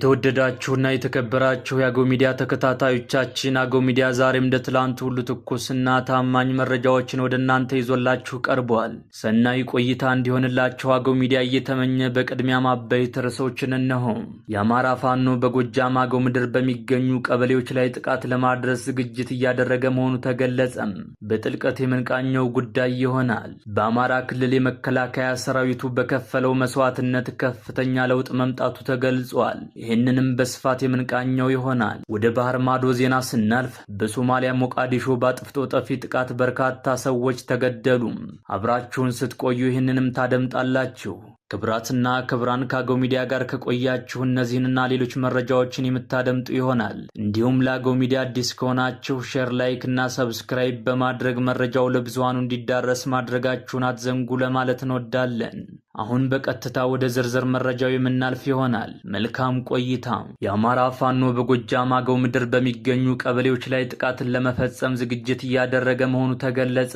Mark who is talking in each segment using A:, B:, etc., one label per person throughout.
A: የተወደዳችሁና የተከበራችሁ የአገው ሚዲያ ተከታታዮቻችን አገው ሚዲያ ዛሬም እንደ ትላንቱ ሁሉ ትኩስና ታማኝ መረጃዎችን ወደ እናንተ ይዞላችሁ ቀርበዋል። ሰናይ ቆይታ እንዲሆንላችሁ አገው ሚዲያ እየተመኘ በቅድሚያ አበይት ርዕሶችን እነሆ። የአማራ ፋኖ በጎጃም አገው ምድር በሚገኙ ቀበሌዎች ላይ ጥቃት ለማድረስ ዝግጅት እያደረገ መሆኑ ተገለጸም። በጥልቀት የምንቃኘው ጉዳይ ይሆናል። በአማራ ክልል የመከላከያ ሰራዊቱ በከፈለው መስዋዕትነት ከፍተኛ ለውጥ መምጣቱ ተገልጿል። ይህንንም በስፋት የምንቃኘው ይሆናል። ወደ ባህር ማዶ ዜና ስናልፍ በሶማሊያ ሞቃዲሾ በአጥፍቶ ጠፊ ጥቃት በርካታ ሰዎች ተገደሉ። አብራችሁን ስትቆዩ ይህንንም ታደምጣላችሁ። ክብራትና ክብራን ከአገው ሚዲያ ጋር ከቆያችሁ እነዚህንና ሌሎች መረጃዎችን የምታደምጡ ይሆናል። እንዲሁም ለአገው ሚዲያ አዲስ ከሆናችሁ ሼር፣ ላይክ እና ሰብስክራይብ በማድረግ መረጃው ለብዙሃኑ እንዲዳረስ ማድረጋችሁን አትዘንጉ ለማለት እንወዳለን። አሁን በቀጥታ ወደ ዝርዝር መረጃው የምናልፍ ይሆናል። መልካም ቆይታ። የአማራ ፋኖ በጎጃም አገው ምድር በሚገኙ ቀበሌዎች ላይ ጥቃትን ለመፈጸም ዝግጅት እያደረገ መሆኑ ተገለጸ።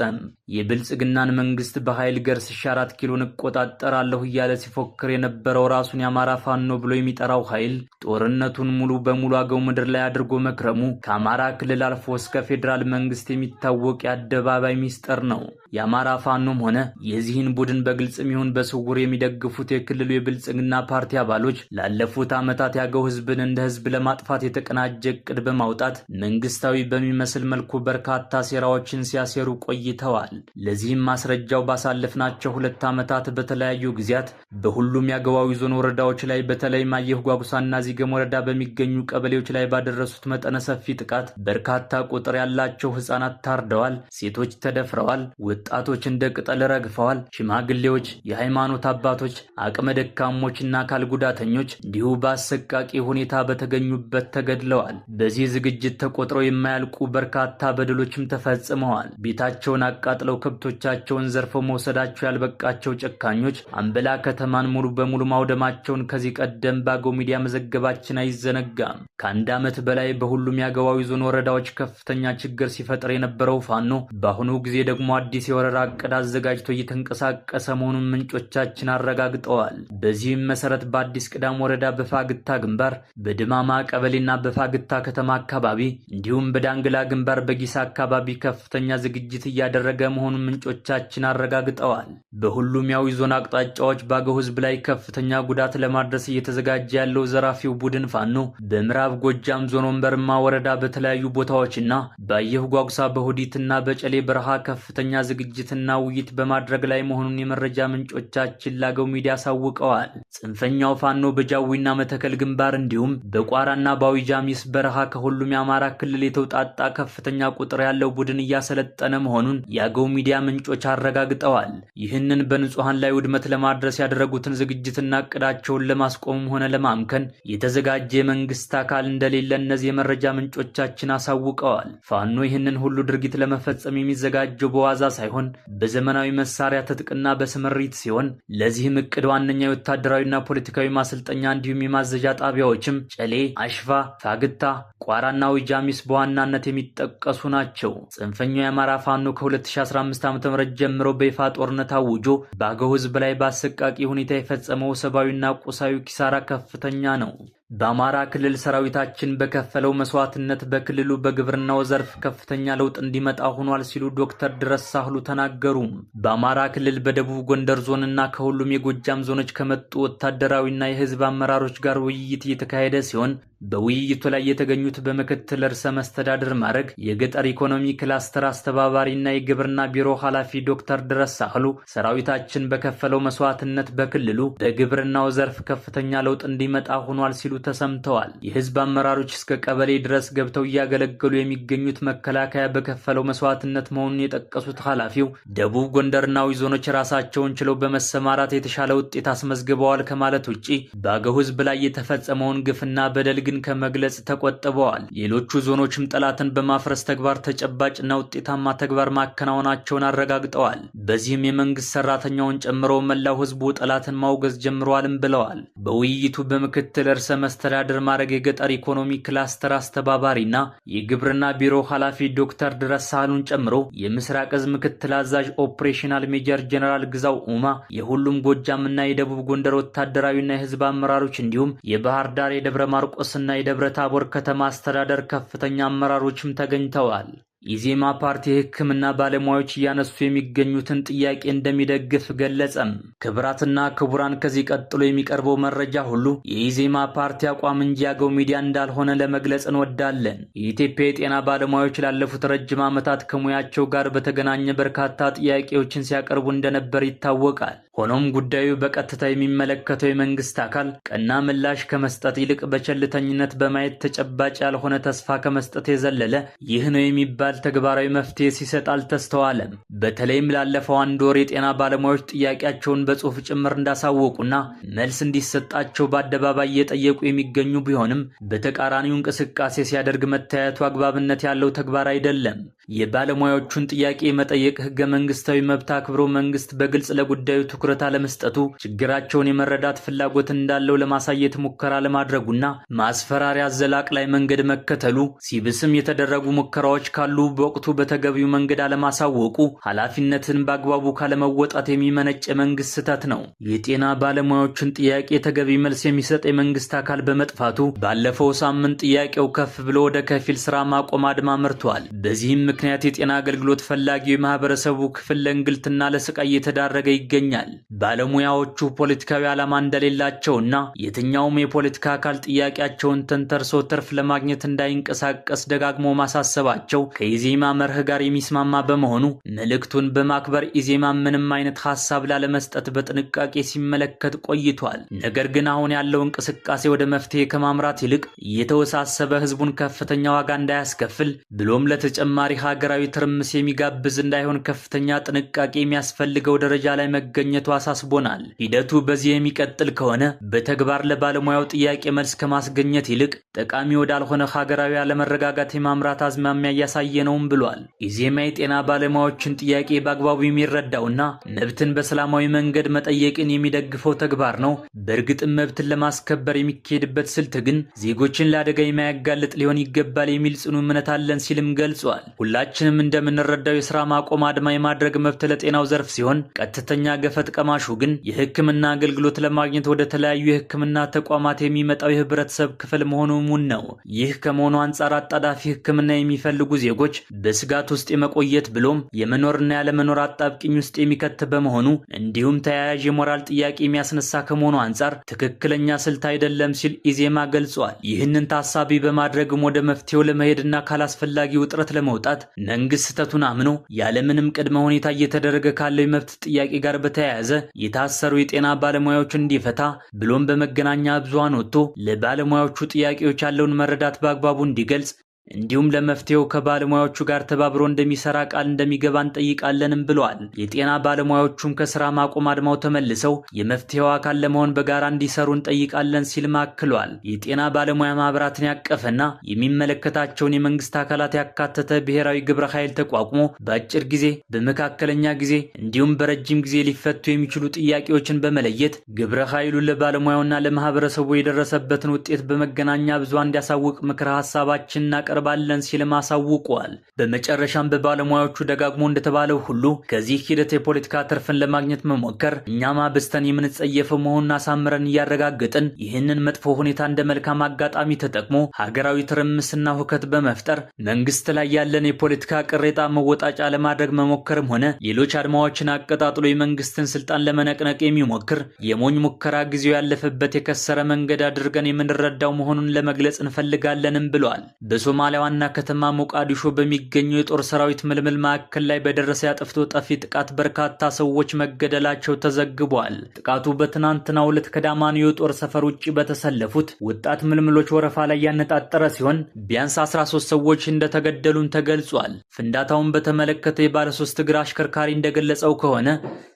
A: የብልጽግናን መንግስት በኃይል ገርስ አራት ኪሎን እቆጣጠራለሁ እያለ ሲፎክር የነበረው ራሱን የአማራ ፋኖ ብሎ የሚጠራው ኃይል ጦርነቱን ሙሉ በሙሉ አገው ምድር ላይ አድርጎ መክረሙ ከአማራ ክልል አልፎ እስከ ፌዴራል መንግስት የሚታወቅ የአደባባይ ሚስጥር ነው። የአማራ ፋኖም ሆነ የዚህን ቡድን በግልጽም ይሁን በስውር የሚደግፉት የክልሉ የብልጽግና ፓርቲ አባሎች ላለፉት ዓመታት ያገው ህዝብን እንደ ህዝብ ለማጥፋት የተቀናጀ እቅድ በማውጣት መንግስታዊ በሚመስል መልኩ በርካታ ሴራዎችን ሲያሴሩ ቆይተዋል። ብለዋል። ለዚህም ማስረጃው ባሳለፍናቸው ሁለት ዓመታት በተለያዩ ጊዜያት በሁሉም የአገባዊ ዞን ወረዳዎች ላይ በተለይ ማየህ ጓጉሳና ዚገም ወረዳ በሚገኙ ቀበሌዎች ላይ ባደረሱት መጠነ ሰፊ ጥቃት በርካታ ቁጥር ያላቸው ሕፃናት ታርደዋል፣ ሴቶች ተደፍረዋል፣ ወጣቶች እንደ ቅጠል ረግፈዋል፣ ሽማግሌዎች፣ የሃይማኖት አባቶች፣ አቅመ ደካሞችና አካል ጉዳተኞች እንዲሁ በአሰቃቂ ሁኔታ በተገኙበት ተገድለዋል። በዚህ ዝግጅት ተቆጥረው የማያልቁ በርካታ በደሎችም ተፈጽመዋል። ቤታቸውን አቃጥ አቃጥለው ከብቶቻቸውን ዘርፈው መውሰዳቸው ያልበቃቸው ጨካኞች አንበላ ከተማን ሙሉ በሙሉ ማውደማቸውን ከዚህ ቀደም ባገው ሚዲያ መዘገባችን አይዘነጋም። ከአንድ ዓመት በላይ በሁሉም የአገባዊ ዞን ወረዳዎች ከፍተኛ ችግር ሲፈጥር የነበረው ፋኖ በአሁኑ ጊዜ ደግሞ አዲስ የወረራ እቅድ አዘጋጅቶ እየተንቀሳቀሰ መሆኑን ምንጮቻችን አረጋግጠዋል። በዚህም መሰረት በአዲስ ቅዳም ወረዳ በፋግታ ግንባር፣ በድማማ ቀበሌና በፋግታ ከተማ አካባቢ እንዲሁም በዳንግላ ግንባር በጊሳ አካባቢ ከፍተኛ ዝግጅት እያደረገ መሆኑን ምንጮቻችን አረጋግጠዋል። በሁሉም ያዊ ዞን አቅጣጫዎች በአገው ህዝብ ላይ ከፍተኛ ጉዳት ለማድረስ እየተዘጋጀ ያለው ዘራፊው ቡድን ፋኖ በምዕራብ ጎጃም ዞን ወንበርማ ወረዳ በተለያዩ ቦታዎችና በአየሁ ጓጉሳ በሁዲትና በጨሌ በረሃ ከፍተኛ ዝግጅትና ውይይት በማድረግ ላይ መሆኑን የመረጃ ምንጮቻችን ላገው ሚዲያ አሳውቀዋል። ጽንፈኛው ፋኖ በጃዊና መተከል ግንባር እንዲሁም በቋራና በአዊ ጃሚስ በረሃ ከሁሉም የአማራ ክልል የተውጣጣ ከፍተኛ ቁጥር ያለው ቡድን እያሰለጠነ መሆኑን የአገው ሚዲያ ምንጮች አረጋግጠዋል። ይህንን በንጹሐን ላይ ውድመት ለማድረስ ያደረጉትን ዝግጅትና እቅዳቸውን ለማስቆምም ሆነ ለማምከን የተዘጋጀ የመንግስት አካል እንደሌለ እነዚህ የመረጃ ምንጮቻችን አሳውቀዋል። ፋኖ ይህንን ሁሉ ድርጊት ለመፈጸም የሚዘጋጀው በዋዛ ሳይሆን በዘመናዊ መሳሪያ ትጥቅና በስምሪት ሲሆን ለዚህም እቅድ ዋነኛ የወታደራዊና ፖለቲካዊ ማሰልጠኛ እንዲሁም የማዘዣ ጣቢያዎችም ጨሌ፣ አሽፋ፣ ፋግታ፣ ቋራና ዊጃሚስ በዋናነት የሚጠቀሱ ናቸው። ጽንፈኛው የአማራ ፋኖ ከ2015 2015 ዓ.ም ጀምሮ በይፋ ጦርነት አውጆ በአገው ህዝብ ላይ በአሰቃቂ ሁኔታ የፈጸመው ሰብአዊና ቁሳዊ ኪሳራ ከፍተኛ ነው። በአማራ ክልል ሰራዊታችን በከፈለው መስዋዕትነት በክልሉ በግብርናው ዘርፍ ከፍተኛ ለውጥ እንዲመጣ ሆኗል ሲሉ ዶክተር ድረስ ሳህሉ ተናገሩ። በአማራ ክልል በደቡብ ጎንደር ዞንና ከሁሉም የጎጃም ዞኖች ከመጡ ወታደራዊና የህዝብ አመራሮች ጋር ውይይት እየተካሄደ ሲሆን በውይይቱ ላይ የተገኙት በምክትል ርዕሰ መስተዳድር ማዕረግ የገጠር ኢኮኖሚ ክላስተር አስተባባሪና የግብርና ቢሮ ኃላፊ ዶክተር ድረስ ሳህሉ ሰራዊታችን በከፈለው መስዋዕትነት በክልሉ በግብርናው ዘርፍ ከፍተኛ ለውጥ እንዲመጣ ሆኗል ሲሉ ተሰምተዋል። የህዝብ አመራሮች እስከ ቀበሌ ድረስ ገብተው እያገለገሉ የሚገኙት መከላከያ በከፈለው መስዋዕትነት መሆኑን የጠቀሱት ኃላፊው ደቡብ ጎንደርናዊ ዞኖች ራሳቸውን ችለው በመሰማራት የተሻለ ውጤት አስመዝግበዋል ከማለት ውጪ በአገው ህዝብ ላይ የተፈጸመውን ግፍና በደልግ ግን ከመግለጽ ተቆጥበዋል። ሌሎቹ ዞኖችም ጠላትን በማፍረስ ተግባር ተጨባጭና ውጤታማ ተግባር ማከናወናቸውን አረጋግጠዋል። በዚህም የመንግስት ሰራተኛውን ጨምሮ መላው ህዝቡ ጠላትን ማውገዝ ጀምረዋልም ብለዋል። በውይይቱ በምክትል እርሰ መስተዳድር ማድረግ የገጠር ኢኮኖሚ ክላስተር አስተባባሪና የግብርና ቢሮ ኃላፊ ዶክተር ድረስ ሳህሉን ጨምሮ የምስራቅ እዝ ምክትል አዛዥ ኦፕሬሽናል ሜጀር ጀነራል ግዛው ኡማ፣ የሁሉም ጎጃምና የደቡብ ጎንደር ወታደራዊና የህዝብ አመራሮች እንዲሁም የባህር ዳር የደብረ ማርቆስ ጳውሎስና የደብረ ታቦር ከተማ አስተዳደር ከፍተኛ አመራሮችም ተገኝተዋል። ኢዜማ ፓርቲ የሕክምና ባለሙያዎች እያነሱ የሚገኙትን ጥያቄ እንደሚደግፍ ገለጸም። ክብራትና ክቡራን ከዚህ ቀጥሎ የሚቀርበው መረጃ ሁሉ የኢዜማ ፓርቲ አቋም እንጂ ያገው ሚዲያ እንዳልሆነ ለመግለጽ እንወዳለን። የኢትዮጵያ የጤና ባለሙያዎች ላለፉት ረጅም ዓመታት ከሙያቸው ጋር በተገናኘ በርካታ ጥያቄዎችን ሲያቀርቡ እንደነበር ይታወቃል። ሆኖም ጉዳዩ በቀጥታ የሚመለከተው የመንግስት አካል ቀና ምላሽ ከመስጠት ይልቅ በቸልተኝነት በማየት ተጨባጭ ያልሆነ ተስፋ ከመስጠት የዘለለ ይህ ነው የሚባል ተግባራዊ መፍትሄ ሲሰጥ አልተስተዋለም። በተለይም ላለፈው አንድ ወር የጤና ባለሙያዎች ጥያቄያቸውን በጽሁፍ ጭምር እንዳሳወቁና መልስ እንዲሰጣቸው በአደባባይ እየጠየቁ የሚገኙ ቢሆንም በተቃራኒው እንቅስቃሴ ሲያደርግ መታየቱ አግባብነት ያለው ተግባር አይደለም። የባለሙያዎቹን ጥያቄ መጠየቅ ህገ መንግስታዊ መብት አክብሮ መንግስት በግልጽ ለጉዳዩ ትኩረት አለመስጠቱ ችግራቸውን የመረዳት ፍላጎት እንዳለው ለማሳየት ሙከራ ለማድረጉና ማስፈራሪያ አዘላቅ ላይ መንገድ መከተሉ ሲብስም የተደረጉ ሙከራዎች ካሉ በወቅቱ በተገቢው መንገድ አለማሳወቁ ኃላፊነትን በአግባቡ ካለመወጣት የሚመነጭ የመንግስት ስህተት ነው። የጤና ባለሙያዎችን ጥያቄ ተገቢ መልስ የሚሰጥ የመንግስት አካል በመጥፋቱ ባለፈው ሳምንት ጥያቄው ከፍ ብሎ ወደ ከፊል ስራ ማቆም አድማ መርቷል። በዚህም ምክንያት የጤና አገልግሎት ፈላጊው የማህበረሰቡ ክፍል ለእንግልትና ለስቃይ እየተዳረገ ይገኛል። ባለሙያዎቹ ፖለቲካዊ ዓላማ እንደሌላቸውና የትኛውም የፖለቲካ አካል ጥያቄያቸውን ተንተርሶ ትርፍ ለማግኘት እንዳይንቀሳቀስ ደጋግሞ ማሳሰባቸው ከኢዜማ መርህ ጋር የሚስማማ በመሆኑ መልእክቱን በማክበር ኢዜማ ምንም አይነት ሀሳብ ላለመስጠት በጥንቃቄ ሲመለከት ቆይቷል። ነገር ግን አሁን ያለው እንቅስቃሴ ወደ መፍትሄ ከማምራት ይልቅ እየተወሳሰበ ህዝቡን ከፍተኛ ዋጋ እንዳያስከፍል ብሎም ለተጨማሪ ሀገራዊ ትርምስ የሚጋብዝ እንዳይሆን ከፍተኛ ጥንቃቄ የሚያስፈልገው ደረጃ ላይ መገኘት መገኘቱ አሳስቦናል። ሂደቱ በዚህ የሚቀጥል ከሆነ በተግባር ለባለሙያው ጥያቄ መልስ ከማስገኘት ይልቅ ጠቃሚ ወዳልሆነ ሀገራዊ አለመረጋጋት የማምራት አዝማሚያ እያሳየ ነውም ብሏል። ኢዜማ የጤና ባለሙያዎችን ጥያቄ በአግባቡ የሚረዳውና መብትን በሰላማዊ መንገድ መጠየቅን የሚደግፈው ተግባር ነው። በእርግጥም መብትን ለማስከበር የሚካሄድበት ስልት ግን ዜጎችን ለአደጋ የማያጋልጥ ሊሆን ይገባል የሚል ጽኑ እምነት አለን ሲልም ገልጿል። ሁላችንም እንደምንረዳው የስራ ማቆም አድማ የማድረግ መብት ለጤናው ዘርፍ ሲሆን ቀጥተኛ ገፈት ቀማሹ ግን የህክምና አገልግሎት ለማግኘት ወደ ተለያዩ የህክምና ተቋማት የሚመጣው የህብረተሰብ ክፍል መሆኑን ነው። ይህ ከመሆኑ አንጻር አጣዳፊ ህክምና የሚፈልጉ ዜጎች በስጋት ውስጥ የመቆየት ብሎም የመኖርና ያለመኖር አጣብቅኝ ውስጥ የሚከት በመሆኑ እንዲሁም ተያያዥ የሞራል ጥያቄ የሚያስነሳ ከመሆኑ አንጻር ትክክለኛ ስልት አይደለም ሲል ኢዜማ ገልጿል። ይህንን ታሳቢ በማድረግም ወደ መፍትሄው ለመሄድና ካላስፈላጊ ውጥረት ለመውጣት መንግስት ስህተቱን አምኖ ያለምንም ቅድመ ሁኔታ እየተደረገ ካለው የመብት ጥያቄ ጋር በተያያዘ በተያያዘ የታሰሩ የጤና ባለሙያዎች እንዲፈታ ብሎም በመገናኛ ብዙሃን ወጥቶ ለባለሙያዎቹ ጥያቄዎች ያለውን መረዳት በአግባቡ እንዲገልጽ እንዲሁም ለመፍትሄው ከባለሙያዎቹ ጋር ተባብሮ እንደሚሰራ ቃል እንደሚገባ እንጠይቃለንም ብለዋል። የጤና ባለሙያዎቹም ከስራ ማቆም አድማው ተመልሰው የመፍትሄው አካል ለመሆን በጋራ እንዲሰሩ እንጠይቃለን ሲልም አክሏል። የጤና ባለሙያ ማህበራትን ያቀፈና የሚመለከታቸውን የመንግስት አካላት ያካተተ ብሔራዊ ግብረ ኃይል ተቋቁሞ በአጭር ጊዜ፣ በመካከለኛ ጊዜ እንዲሁም በረጅም ጊዜ ሊፈቱ የሚችሉ ጥያቄዎችን በመለየት ግብረ ኃይሉ ለባለሙያውና ለማህበረሰቡ የደረሰበትን ውጤት በመገናኛ ብዙሃን እንዲያሳውቅ ምክረ ሀሳባችን እናቀ እናቀርባለን ሲልም አሳውቋል። በመጨረሻም በባለሙያዎቹ ደጋግሞ እንደተባለው ሁሉ ከዚህ ሂደት የፖለቲካ ትርፍን ለማግኘት መሞከር እኛማ በስተን የምንጸየፈው መሆኑን አሳምረን እያረጋገጥን ይህንን መጥፎ ሁኔታ እንደ መልካም አጋጣሚ ተጠቅሞ ሀገራዊ ትርምስና ሁከት በመፍጠር መንግስት ላይ ያለን የፖለቲካ ቅሬታ መወጣጫ ለማድረግ መሞከርም ሆነ ሌሎች አድማዎችን አቀጣጥሎ የመንግስትን ስልጣን ለመነቅነቅ የሚሞክር የሞኝ ሙከራ ጊዜው ያለፈበት የከሰረ መንገድ አድርገን የምንረዳው መሆኑን ለመግለጽ እንፈልጋለንም ብሏል። በሶማ በሶማሊያ ዋና ከተማ ሞቃዲሾ በሚገኘው የጦር ሰራዊት ምልምል ማዕከል ላይ በደረሰ የአጥፍቶ ጠፊ ጥቃት በርካታ ሰዎች መገደላቸው ተዘግቧል። ጥቃቱ በትናንትናው ዕለት ከዳማንዮ የጦር ሰፈር ውጭ በተሰለፉት ወጣት ምልምሎች ወረፋ ላይ ያነጣጠረ ሲሆን ቢያንስ 13 ሰዎች እንደተገደሉም ተገልጿል። ፍንዳታውን በተመለከተ የባለሶስት እግር አሽከርካሪ እንደገለጸው ከሆነ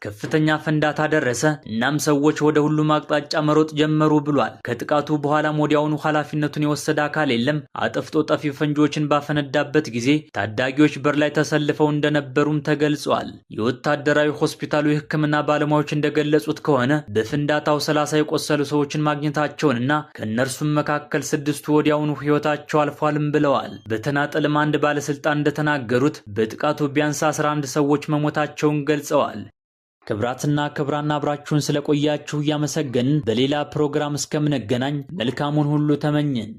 A: ከፍተኛ ፍንዳታ ደረሰ፣ እናም ሰዎች ወደ ሁሉም አቅጣጫ መሮጥ ጀመሩ ብሏል። ከጥቃቱ በኋላም ወዲያውኑ ኃላፊነቱን የወሰደ አካል የለም። አጥፍቶ ጠፊ ፈንጂዎችን ባፈነዳበት ጊዜ ታዳጊዎች በር ላይ ተሰልፈው እንደነበሩም ተገልጿል። የወታደራዊ ሆስፒታሉ የሕክምና ባለሙያዎች እንደገለጹት ከሆነ በፍንዳታው ሰላሳ የቆሰሉ ሰዎችን ማግኘታቸውንና ከእነርሱም መካከል ስድስቱ ወዲያውኑ ሕይወታቸው አልፏልም ብለዋል። በተናጠልም አንድ ባለስልጣን እንደተናገሩት በጥቃቱ ቢያንስ 11 ሰዎች መሞታቸውን ገልጸዋል። ክብራትና ክብራን አብራችሁን ስለቆያችሁ እያመሰገንን በሌላ ፕሮግራም እስከምንገናኝ መልካሙን ሁሉ ተመኘን።